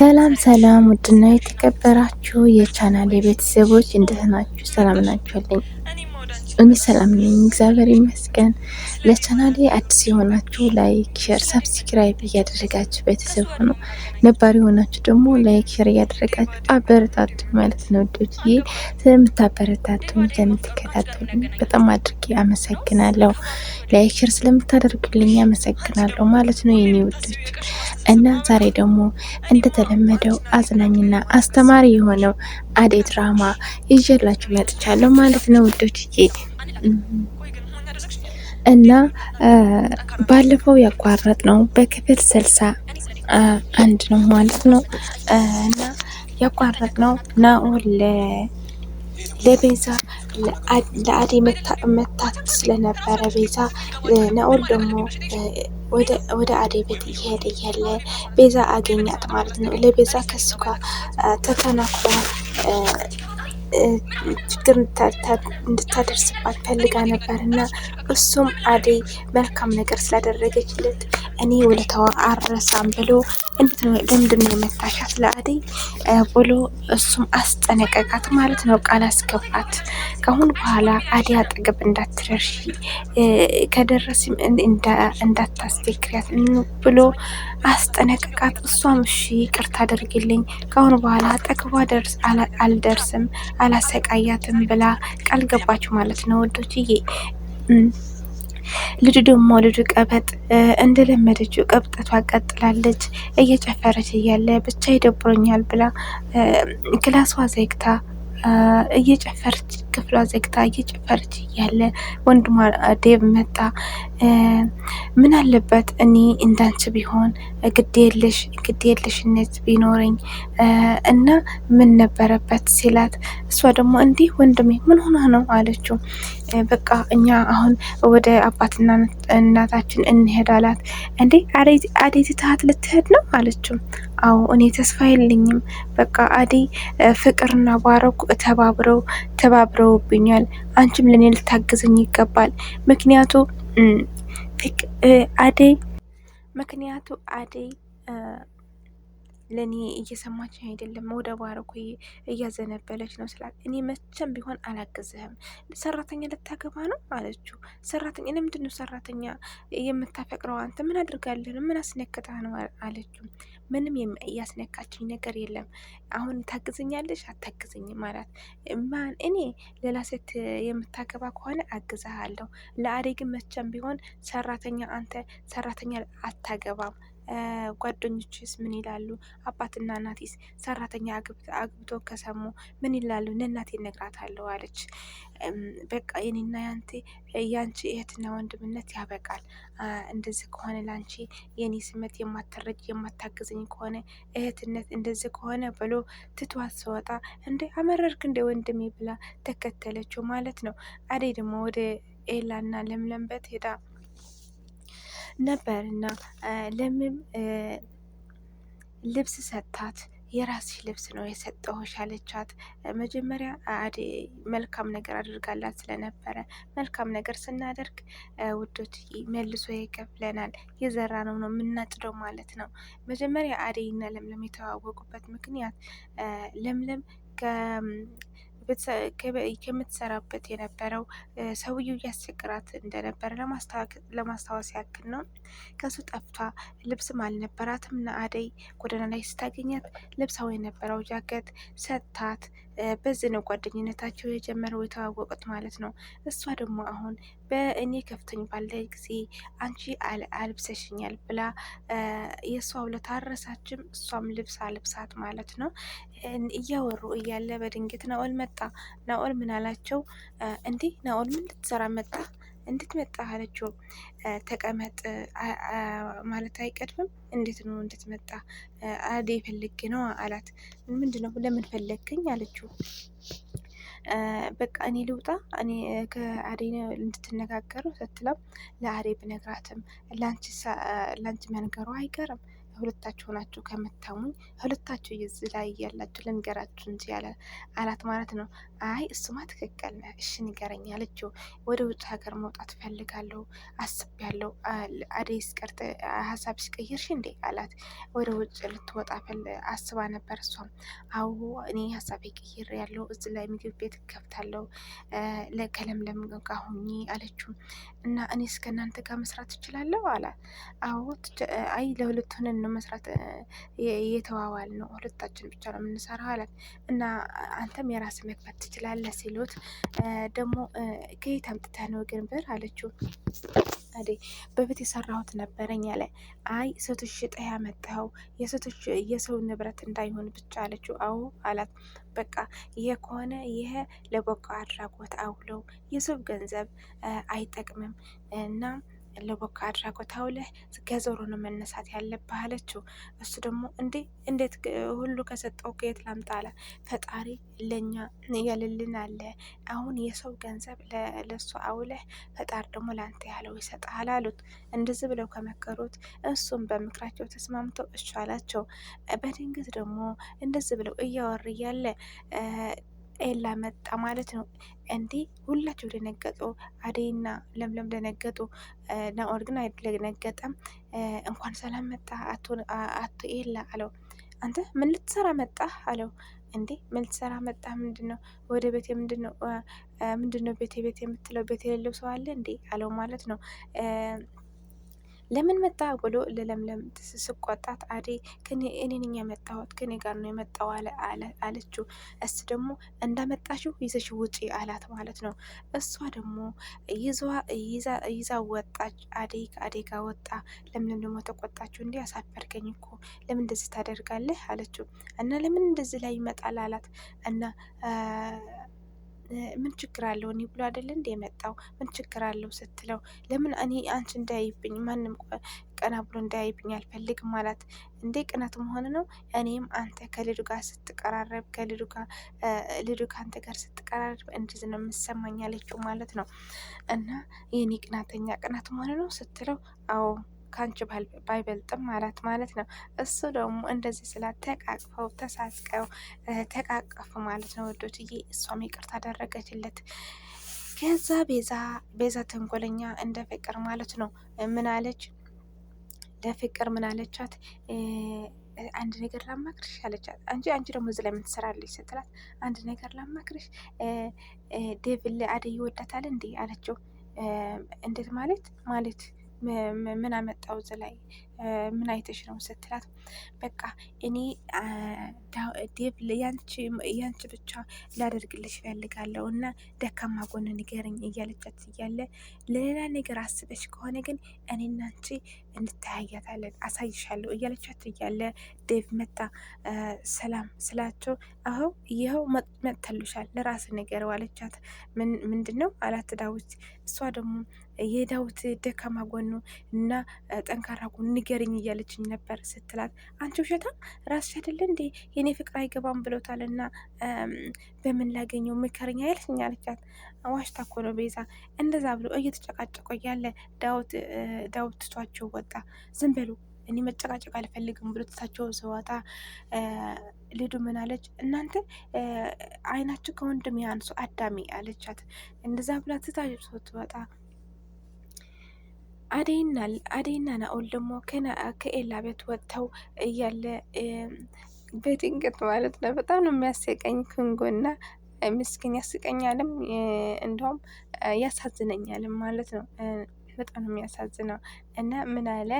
ሰላም ሰላም፣ ውድና የተከበራችሁ የቻናል የቤተሰቦች እንደት ናችሁ? ሰላም ናችሁልኝ? እኔ ሰላም ነኝ፣ እግዚአብሔር ይመስገን። ለቻናሌ አዲስ የሆናችሁ ላይክ፣ ሼር፣ ሰብስክራይብ እያደረጋችሁ ቤተሰብ ሆኖ ነባር የሆናችሁ ደግሞ ላይክ፣ ሼር እያደረጋችሁ አበረታቱ ማለት ነው። ዶችዬ ስለምታበረታቱ ስለምትከታተሉ በጣም አድርጌ አመሰግናለሁ። ላይክ፣ ሸር ስለምታደርጉልኝ አመሰግናለሁ ማለት ነው የኔ ውዶች። እና ዛሬ ደግሞ እንደተለመደው አዝናኝና አስተማሪ የሆነው አደይ ድራማ ይዤላችሁ መጥቻለሁ ማለት ነው ውዶችዬ። እና ባለፈው ያቋረጥ ነው በክፍል ስልሳ አንድ ነው ማለት ነው እና ያቋረጥ ነው ናኦል ለቤዛ ለአዴ መታት ስለነበረ ቤዛ ናኦል ደግሞ ወደ አዴ ቤት እየሄደ እያለ ቤዛ አገኛት ማለት ነው። ለቤዛ ከሱ ጋር ችግር እንድታደርስባት ፈልጋ ነበር እና እሱም አደይ መልካም ነገር ስላደረገችለት እኔ ውለታዋ አልረሳም ብሎ ለምንድን ነው የመታሻት ለአደይ ብሎ እሱም አስጠነቀቃት ማለት ነው። ቃል አስገባት። ከአሁን በኋላ አደይ አጠገብ እንዳትደርሺ ከደረስም እንዳታስቸግሪያት ብሎ አስጠነቀቃት። እሷም እሺ ይቅርታ አድርግልኝ፣ ከአሁን በኋላ አጠገቧ አልደርስም፣ አላሰቃያትም ብላ ቃል ገባች ማለት ነው ወዶችዬ ልጁ ደግሞ ልጁ ቀበጥ እንደለመደችው ቀብጠቷ ቀጥላለች። እየጨፈረች እያለ ብቻ ይደብሮኛል ብላ ክላሷ ዘግታ እየጨፈረች ክፍሏ ዘግታ እየጨፈረች እያለ ወንድሟ ዴቭ መጣ። ምን አለበት እኔ እንዳንቺ ቢሆን ግዴለሽ ግዴለሽነት ቢኖረኝ እና ምን ነበረበት ሲላት፣ እሷ ደግሞ እንዲህ ወንድሜ ምን ሆና ነው አለችው። በቃ እኛ አሁን ወደ አባትና እናታችን እንሄድ አላት። እንዴ አዴ ትታት ልትሄድ ነው አለችው። አዎ እኔ ተስፋ የለኝም። በቃ አዴ ፍቅርና ባረኩ ተባብረው ተባብረውብኛል። አንቺም ለእኔ ልታግዝኝ ይገባል ምክንያቱ አደይ ምክንያቱ አደይ ለእኔ እየሰማችን አይደለም፣ ወደ ባረኮ እያዘነበለች ነው ስላት፣ እኔ መቼም ቢሆን አላግዝህም፣ ሰራተኛ ልታገባ ነው አለችው። ሰራተኛ ለምንድን ነው ሰራተኛ የምታፈቅረው? አንተ ምን አድርጋለን? ምን አስነክታ ነው አለችው። ምንም ያስነካችኝ ነገር የለም። አሁን ታግዘኛለሽ አታግዘኝም አላት። ማን እኔ ሌላ ሴት የምታገባ ከሆነ አግዛሃለሁ። ለአደይ ግን መቼም ቢሆን ሰራተኛ አንተ ሰራተኛ አታገባም ጓደኞችስ ምን ይላሉ? አባትና እናቴስ ሰራተኛ አግብቶ ከሰሙ ምን ይላሉ? ለእናቴ እነግራታለሁ አለች። በቃ የኔና ያንቴ ያንቺ እህትና ወንድምነት ያበቃል። እንደዚህ ከሆነ ላንቺ የኔ ስመት የማትረጅ የማታግዘኝ ከሆነ እህትነት እንደዚህ ከሆነ ብሎ ትቷት ስወጣ እንደ አመረርክ እንደ ወንድሜ ብላ ተከተለችው ማለት ነው። አደይ ደግሞ ወደ ኤላና ለምለምበት ሄዳ ነበር እና ለምም ልብስ ሰጥታት የራስሽ ልብስ ነው የሰጠሁሽ አለቻት። መጀመሪያ መልካም ነገር አድርጋላት ስለነበረ መልካም ነገር ስናደርግ ውዶት መልሶ ይከፍለናል፣ የዘራ ነው ነው የምናጭደው ማለት ነው። መጀመሪያ አደይና ለምለም የተዋወቁበት ምክንያት ለምለም ከምትሰራበት የነበረው ሰውየው እያስቸግራት እንደነበረ ለማስታወስ ያክል ነው። ከሱ ጠፍቷ ልብስም አልነበራትም እና አደይ ጎዳና ላይ ስታገኛት ለብሳው የነበረው ጃኬት ሰታት በዚህ ነው ጓደኝነታቸው የጀመረው የተዋወቁት ማለት ነው። እሷ ደግሞ አሁን በእኔ ከፍቶኝ ባለ ጊዜ አንቺ አልብሰሽኛል ብላ የእሷ ውለታ አረሳችም፣ እሷም ልብስ አልብሳት ማለት ነው። እያወሩ እያለ በድንገት ናኦል መጣ። ናኦል ምን አላቸው? እንዲህ ናኦል ምን ልትሰራ መጣ እንዴት መጣ አለችው። ተቀመጥ ማለት አይቀድምም? እንዴት ነው እንዴት መጣ አደይ ፈልጌ ነው አላት። ምንድን ነው ለምን ፈለግከኝ አለችው። በቃ እኔ ልውጣ እኔ ከአደይ እንድትነጋገሩ ስትለው ለአደይ ብነግራትም ላንቺ መንገሩ አይቀርም ሁለታችሁ ናችሁ ከምታሙኝ ሁለታችሁ እዚህ ላይ እያላችሁ ልንገራችሁ እንጂ አላት ማለት ነው። አይ እሱማ ትክክል ነህ፣ እሺ ንገረኝ አለችው። ወደ ውጭ ሀገር መውጣት ፈልጋለሁ አስቤያለሁ። አደይስ ቀርተ ሀሳብሽ ቀየርሽ እንዴ አላት። ወደ ውጭ ልትወጣ አስባ ነበር እሷም። አዎ እኔ ሀሳቤ ያለው እዚ ላይ ምግብ ቤት ከፍታለሁ ከለምለም ጋር ሆኜ አለችው። እና እስከ እናንተ ጋር መስራት እችላለሁ አላት። አዎ አይ ለሁለቱን ለመስራት እየተዋዋል ነው። ሁለታችን ብቻ ነው የምንሰራ አላት እና አንተም የራስ መግባት ትችላለህ ሲሉት ደግሞ ከየት አምጥተህ ነው ግን ብር አለችው። አዴ በቤት የሰራሁት ነበረኝ አለ። አይ ሴቶች ሽጠህ ያመጣኸው የሴቶች የሰው ንብረት እንዳይሆን ብቻ አለችው። አዎ አላት። በቃ ይሄ ከሆነ ይሄ ለበጎ አድራጎት አውለው የሰው ገንዘብ አይጠቅምም እና ለቦካ አድራጎት አውለህ ዞሮ ነው መነሳት ያለብህ አለችው። እሱ ደግሞ እንዴ እንዴት ሁሉ ከሰጠው ከየት ላምጣላ? ፈጣሪ ለእኛ ያልልን አለ። አሁን የሰው ገንዘብ ለእሱ አውለህ ፈጣሪ ደግሞ ለአንተ ያለው ይሰጣል አሉት። እንደዚህ ብለው ከመከሩት እሱም በምክራቸው ተስማምተው እሺ አላቸው። በድንግት ደግሞ እንደዚህ ብለው እያወር እያለ ኤላ መጣ ማለት ነው። እንዴ ሁላቸው ደነገጡ። አደይና ለምለም ደነገጡ። ናኦል ግን አይደነገጠም። እንኳን ሰላም መጣ አቶ ኤላ አለው። አንተ ምን ልትሰራ መጣ አለው። እንዴ ምን ልትሰራ መጣ? ምንድን ነው ወደ ቤቴ ምንድን ነው ቤቴ ቤቴ የምትለው ቤት የሌለው ሰው አለ እንዴ አለው ማለት ነው። ለምን መጣ ብሎ ለለምለም ስቆጣት አደይ እኔንኛ መጣሁት ከኔ ጋር ነው የመጣው አለችው። እሱ ደግሞ እንዳመጣሽው ይዘሽ ውጪ አላት ማለት ነው። እሷ ደግሞ ይዛ ወጣች። አደይ ከአደይ ጋር ወጣ። ለምለም ደግሞ ተቆጣችው። እንዲህ አሳፈርከኝ እኮ ለምን እንደዚህ ታደርጋለህ አለችው እና ለምን እንደዚህ ላይ ይመጣል አላት እና ምን ችግር አለው እኔ ብሎ አይደል እንዴ የመጣው ምን ችግር አለው ስትለው፣ ለምን እኔ አንቺ እንዳያይብኝ ማንም ቀና ብሎ እንዳያይብኝ አልፈልግም አላት። እንዴ ቅናት መሆን ነው? እኔም አንተ ከልዱ ጋር ስትቀራረብ ከልዱ ጋር ልዱ ከአንተ ጋር ስትቀራረብ እንዲህ ነው የምሰማኝ አለችው ማለት ነው። እና የኔ ቅናተኛ ቅናት መሆን ነው ስትለው፣ አዎ ከአንቺ ባይበልጥም አላት ማለት ነው። እሱ ደግሞ እንደዚህ ስላት ተቃቅፈው ተሳስቀው ተቃቀፉ ማለት ነው ወዶትዬ። እሷም ይቅርታ አደረገችለት። ከዛ ቤዛ ቤዛ ተንኮለኛ እንደ ፍቅር ማለት ነው ምናለች ለፍቅር ምናለቻት አንድ ነገር ላማክርሽ አለቻት። አንቺ አንቺ ደግሞ እዚህ ላይ ምን ትሰራለች ስትላት አንድ ነገር ላማክርሽ ዴቭ አደይ ይወዳታል እንዴ አለችው። እንዴት ማለት ማለት ምን አመጣው እዚ ላይ ምን አይተሽ ነው ስትላት፣ በቃ እኔ ዴቭ ያንቺ ብቻ ላደርግልሽ እፈልጋለሁ እና ደካማ ጎን ንገረኝ እያለቻት እያለ ለሌላ ነገር አስበሽ ከሆነ ግን እኔ እናንቺ እንተያያታለን አሳይሻለሁ እያለቻት እያለ ዴቭ መጣ። ሰላም ስላቸው አኸው ይኸው መጥተሉሻል ለራስ ነገር ዋለቻት። ምንድን ነው አላት ዳዊት። እሷ ደግሞ የዳዊት ደካማ ጎኑ እና ጠንካራ ጎኑ ንገርኝ እያለችኝ ነበር ስትላት፣ አንቺ ውሸታ ራስሽ አይደለ እንዴ የኔ ፍቅር አይገባም ብሎታል እና በምን ላገኘው ምከርኛ አይልሽኝ አለቻት። ዋሽታ እኮ ነው ቤዛ። እንደዛ ብሎ እየተጨቃጨቆ እያለ ዳዊት ዳዊት ትቷቸው ተቆጣ። ዝም በሉ እኔ መጨቃጨቅ አልፈልግም ብሎ ትታቸው ስወጣ ልዱ ምን አለች? እናንተ አይናችሁ ከወንድም ያንሱ አዳሚ አለቻት። እንደዛ ብላ ትታቸው ስትወጣ አደይና ናኦል ደግሞ ከኤላ ቤት ወጥተው እያለ በድንገት ማለት ነው። በጣም ነው የሚያስቀኝ ክንጎና ምስኪን ያስቀኛልም እንደውም ያሳዝነኛልም ማለት ነው። በጣም ነው የሚያሳዝነው። እና ምን አለ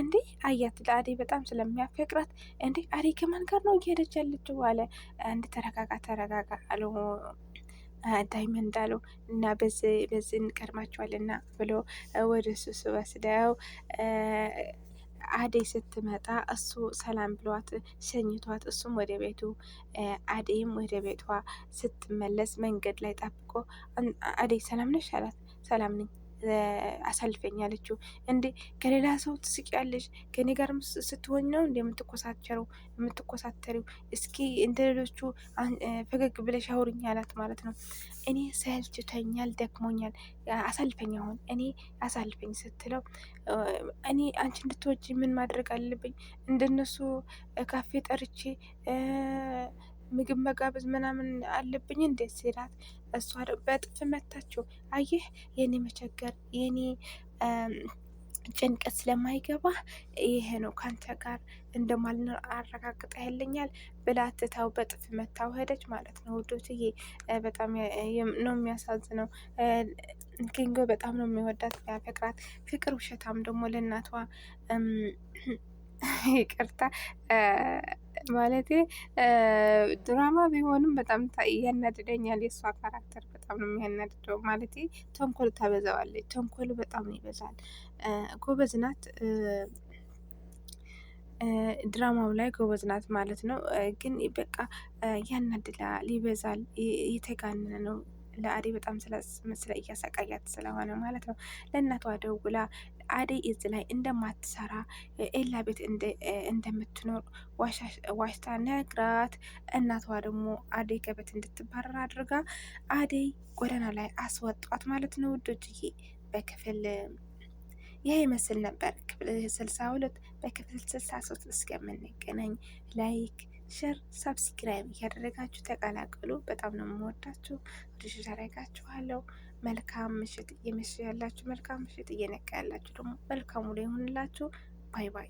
እንዴ አያት ለአዴ በጣም ስለሚያፈቅራት እንዴ አዴ ከማን ጋር ነው እየሄደች ያለችው አለ። እንደ ተረጋጋ ተረጋጋ አለው ዳይመንድ አለው እና በዚህ እንቀድማቸዋልና ብሎ ወደ እሱ ስወስደው አደይ ስትመጣ እሱ ሰላም ብሏት ሸኝቷት እሱም ወደ ቤቱ አደይም ወደ ቤቷ ስትመለስ መንገድ ላይ ጠብቆ አደይ ሰላም ነሽ አላት። ሰላም ነኝ አሳልፈኝ ያለችው። እንዴ ከሌላ ሰው ትስቂያለሽ? ከኔ ጋር ስትሆኝ ነው እንዴ የምትኮሳተረው የምትኮሳተሪው? እስኪ እንደ ሌሎቹ ፈገግ ብለሽ አውሪኝ አላት ማለት ነው። እኔ ሰልችቶኛል፣ ደክሞኛል፣ አሳልፈኝ አሁን እኔ አሳልፈኝ ስትለው እኔ አንቺ እንድትወጂ ምን ማድረግ አለብኝ? እንደነሱ ካፌ ጠርቼ ምግብ መጋበዝ ምናምን አለብኝ እንዴት ሲላት እሷ በጥፍ መታችው። አየህ የኔ መቸገር የኔ ጭንቀት ስለማይገባ ይሄ ነው ከአንተ ጋር እንደማልን አረጋግጠ ያለኛል ብላ ትታው በጥፍ መታው ሄደች ማለት ነው። ውዶትዬ በጣም ነው የሚያሳዝነው። ኪንጎ በጣም ነው የሚወዳት ያፈቅራት። ፍቅር ውሸታም ደግሞ ለእናቷ ይቅርታ ማለት ድራማ ቢሆንም በጣም እያናደደኛል። የእሷ ካራክተር በጣም ነው የሚያናድደው። ማለት ተንኮል ታበዛዋለች። ተንኮል በጣም ይበዛል። ጎበዝ ናት ድራማው ላይ ጎበዝ ናት ማለት ነው። ግን በቃ ያናድላል፣ ይበዛል፣ የተጋነነ ነው። ለአዴ በጣም ስለ እያሰቃያት ስለሆነ ማለት ነው። ለእናቷ ደውላ አደይ እዚ ላይ እንደማትሰራ ኤላ ቤት እንደምትኖር ዋሽታ ነግራት፣ እናቷ ደግሞ አደይ ከቤት እንድትባረር አድርጋ አደይ ጎዳና ላይ አስወጧት ማለት ነው ውዶችዬ። በክፍል ይህ ይመስል ነበር ክፍል ስልሳ ሁለት በክፍል ስልሳ ሶስት እስከምንገናኝ ላይክ ሸር ሳብስክራይብ እያደረጋችሁ ተቀላቀሉ። በጣም ነው የምወዳችሁ። ሪሽ ያደረጋችኋለሁ። መልካም ምሽት፣ እየመሸ ያላችሁ መልካም ምሽት፣ እየነቃ ያላችሁ ደግሞ መልካም ውሎ ይሁንላችሁ። ባይ ባይ።